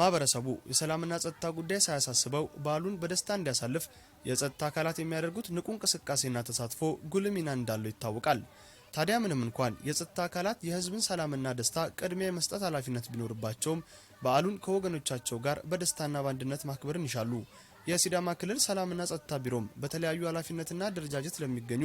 ማህበረሰቡ የሰላምና ጸጥታ ጉዳይ ሳያሳስበው በዓሉን በደስታ እንዲያሳልፍ የጸጥታ አካላት የሚያደርጉት ንቁ እንቅስቃሴና ተሳትፎ ጉልህ ሚና እንዳለው ይታወቃል። ታዲያ ምንም እንኳን የጸጥታ አካላት የህዝብን ሰላምና ደስታ ቅድሚያ የመስጠት ኃላፊነት ቢኖርባቸውም በዓሉን ከወገኖቻቸው ጋር በደስታና በአንድነት ማክበርን ይሻሉ። የሲዳማ ክልል ሰላምና ጸጥታ ቢሮም በተለያዩ ኃላፊነትና አደረጃጀት ለሚገኙ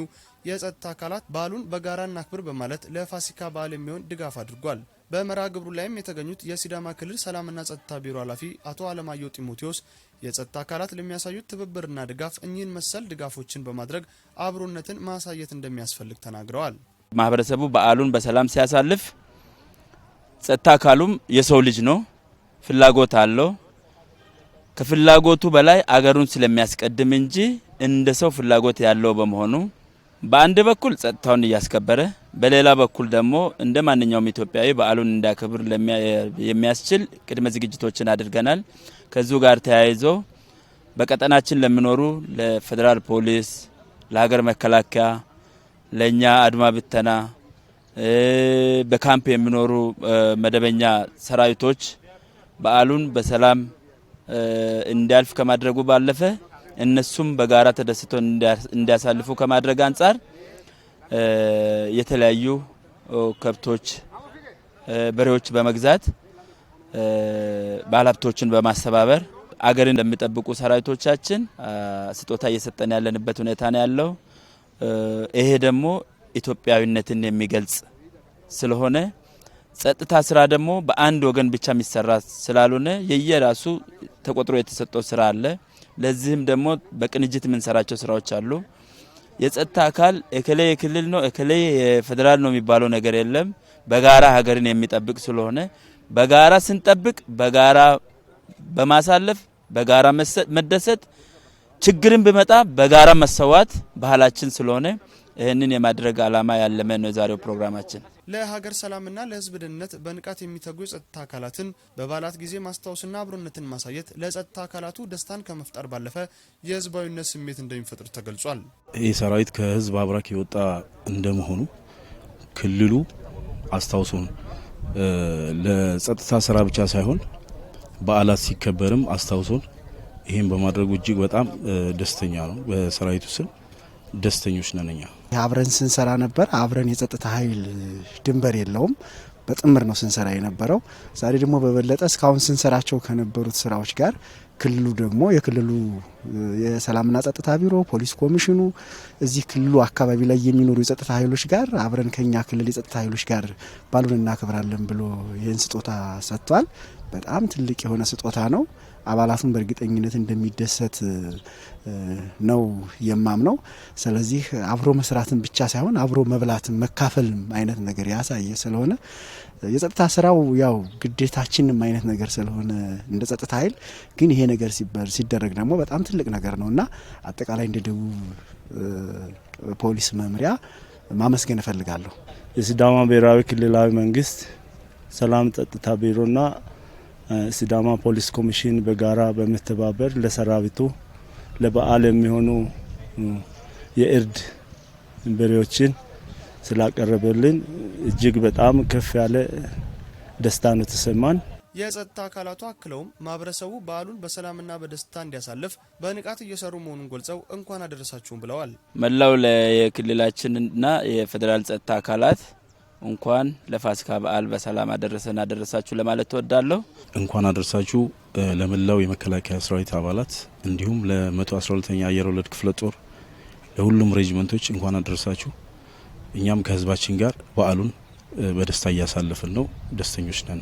የጸጥታ አካላት በዓሉን በጋራ እናክብር በማለት ለፋሲካ በዓል የሚሆን ድጋፍ አድርጓል። በመርሃ ግብሩ ላይም የተገኙት የሲዳማ ክልል ሰላምና ጸጥታ ቢሮ ኃላፊ አቶ አለማየሁ ጢሞቴዎስ የጸጥታ አካላት ለሚያሳዩት ትብብርና ድጋፍ እኚህን መሰል ድጋፎችን በማድረግ አብሮነትን ማሳየት እንደሚያስፈልግ ተናግረዋል። ማህበረሰቡ በዓሉን በሰላም ሲያሳልፍ ጸጥታ አካሉም የሰው ልጅ ነው፣ ፍላጎት አለው። ከፍላጎቱ በላይ አገሩን ስለሚያስቀድም እንጂ እንደ ሰው ፍላጎት ያለው በመሆኑ በአንድ በኩል ጸጥታውን እያስከበረ በሌላ በኩል ደግሞ እንደ ማንኛውም ኢትዮጵያዊ በዓሉን እንዳከብር የሚያስችል ቅድመ ዝግጅቶችን አድርገናል። ከዚሁ ጋር ተያይዞ በቀጠናችን ለሚኖሩ ለፌዴራል ፖሊስ፣ ለሀገር መከላከያ፣ ለእኛ አድማ ብተና፣ በካምፕ የሚኖሩ መደበኛ ሰራዊቶች በዓሉን በሰላም እንዲያልፍ ከማድረጉ ባለፈ እነሱም በጋራ ተደስቶ እንዲያሳልፉ ከማድረግ አንጻር የተለያዩ ከብቶች፣ በሬዎች በመግዛት ባለሀብቶችን በማስተባበር አገርን እንደሚጠብቁ ሰራዊቶቻችን ስጦታ እየሰጠን ያለንበት ሁኔታ ነው ያለው። ይሄ ደግሞ ኢትዮጵያዊነትን የሚገልጽ ስለሆነ ጸጥታ ስራ ደግሞ በአንድ ወገን ብቻ የሚሰራ ስላልሆነ የየራሱ ተቆጥሮ የተሰጠው ስራ አለ። ለዚህም ደግሞ በቅንጅት የምንሰራቸው ስራዎች አሉ። የጸጥታ አካል እከሌ የክልል ነው እከሌ የፌዴራል ነው የሚባለው ነገር የለም። በጋራ ሀገርን የሚጠብቅ ስለሆነ በጋራ ስንጠብቅ፣ በጋራ በማሳለፍ፣ በጋራ መደሰት፣ ችግርን ብመጣ በጋራ መሰዋት ባህላችን ስለሆነ ይህንን የማድረግ አላማ ያለመ ነው የዛሬው ፕሮግራማችን። ለሀገር ሰላምና ለህዝብ ደህንነት በንቃት የሚተጉ የጸጥታ አካላትን በበዓላት ጊዜ ማስታወስና አብሮነትን ማሳየት ለጸጥታ አካላቱ ደስታን ከመፍጠር ባለፈ የህዝባዊነት ስሜት እንደሚፈጥር ተገልጿል። ይህ ሰራዊት ከህዝብ አብራክ የወጣ እንደመሆኑ ክልሉ አስታውሶን ለጸጥታ ስራ ብቻ ሳይሆን በዓላት ሲከበርም አስታውሶን ይህም በማድረጉ እጅግ በጣም ደስተኛ ነው በሰራዊቱ ስም ደስተኞች ነን እኛ። አብረን ስንሰራ ነበር። አብረን የጸጥታ ኃይል ድንበር የለውም በጥምር ነው ስንሰራ የነበረው። ዛሬ ደግሞ በበለጠ እስካሁን ስንሰራቸው ከነበሩት ስራዎች ጋር ክልሉ ደግሞ የክልሉ የሰላምና ጸጥታ ቢሮ፣ ፖሊስ ኮሚሽኑ እዚህ ክልሉ አካባቢ ላይ የሚኖሩ የጸጥታ ኃይሎች ጋር አብረን ከኛ ክልል የጸጥታ ኃይሎች ጋር ባሉን እናክብራለን ብሎ ይህን ስጦታ ሰጥቷል። በጣም ትልቅ የሆነ ስጦታ ነው። አባላቱን በእርግጠኝነት እንደሚደሰት ነው የማምነው። ስለዚህ አብሮ መስራትን ብቻ ሳይሆን አብሮ መብላትን መካፈልም አይነት ነገር ያሳየ ስለሆነ የጸጥታ ስራው ያው ግዴታችንም አይነት ነገር ስለሆነ እንደ ጸጥታ ኃይል ግን ይሄ ነገር ሲደረግ ደግሞ በጣም ትልቅ ነገር ነው እና አጠቃላይ እንደ ደቡብ ፖሊስ መምሪያ ማመስገን እፈልጋለሁ። የሲዳማ ብሔራዊ ክልላዊ መንግስት ሰላም ጸጥታ ቢሮና ሲዳማ ፖሊስ ኮሚሽን በጋራ በመተባበር ለሰራዊቱ ለበዓል የሚሆኑ የእርድ በሬዎችን ስላቀረበልን እጅግ በጣም ከፍ ያለ ደስታ ነው ተሰማን የጸጥታ አካላቱ አክለውም ማህበረሰቡ በዓሉን በሰላምና በደስታ እንዲያሳልፍ በንቃት እየሰሩ መሆኑን ገልጸው እንኳን አደረሳችሁም ብለዋል። መላው የክልላችንና የፌዴራል ጸጥታ አካላት እንኳን ለፋሲካ በዓል በሰላም አደረሰን አደረሳችሁ ለማለት ትወዳለሁ። እንኳን አደረሳችሁ ለመላው የመከላከያ ሰራዊት አባላት እንዲሁም ለ112ኛ አየር ወለድ ክፍለ ጦር ለሁሉም ሬጅመንቶች እንኳን አደረሳችሁ። እኛም ከህዝባችን ጋር በዓሉን በደስታ እያሳለፍን ነው። ደስተኞች ነን።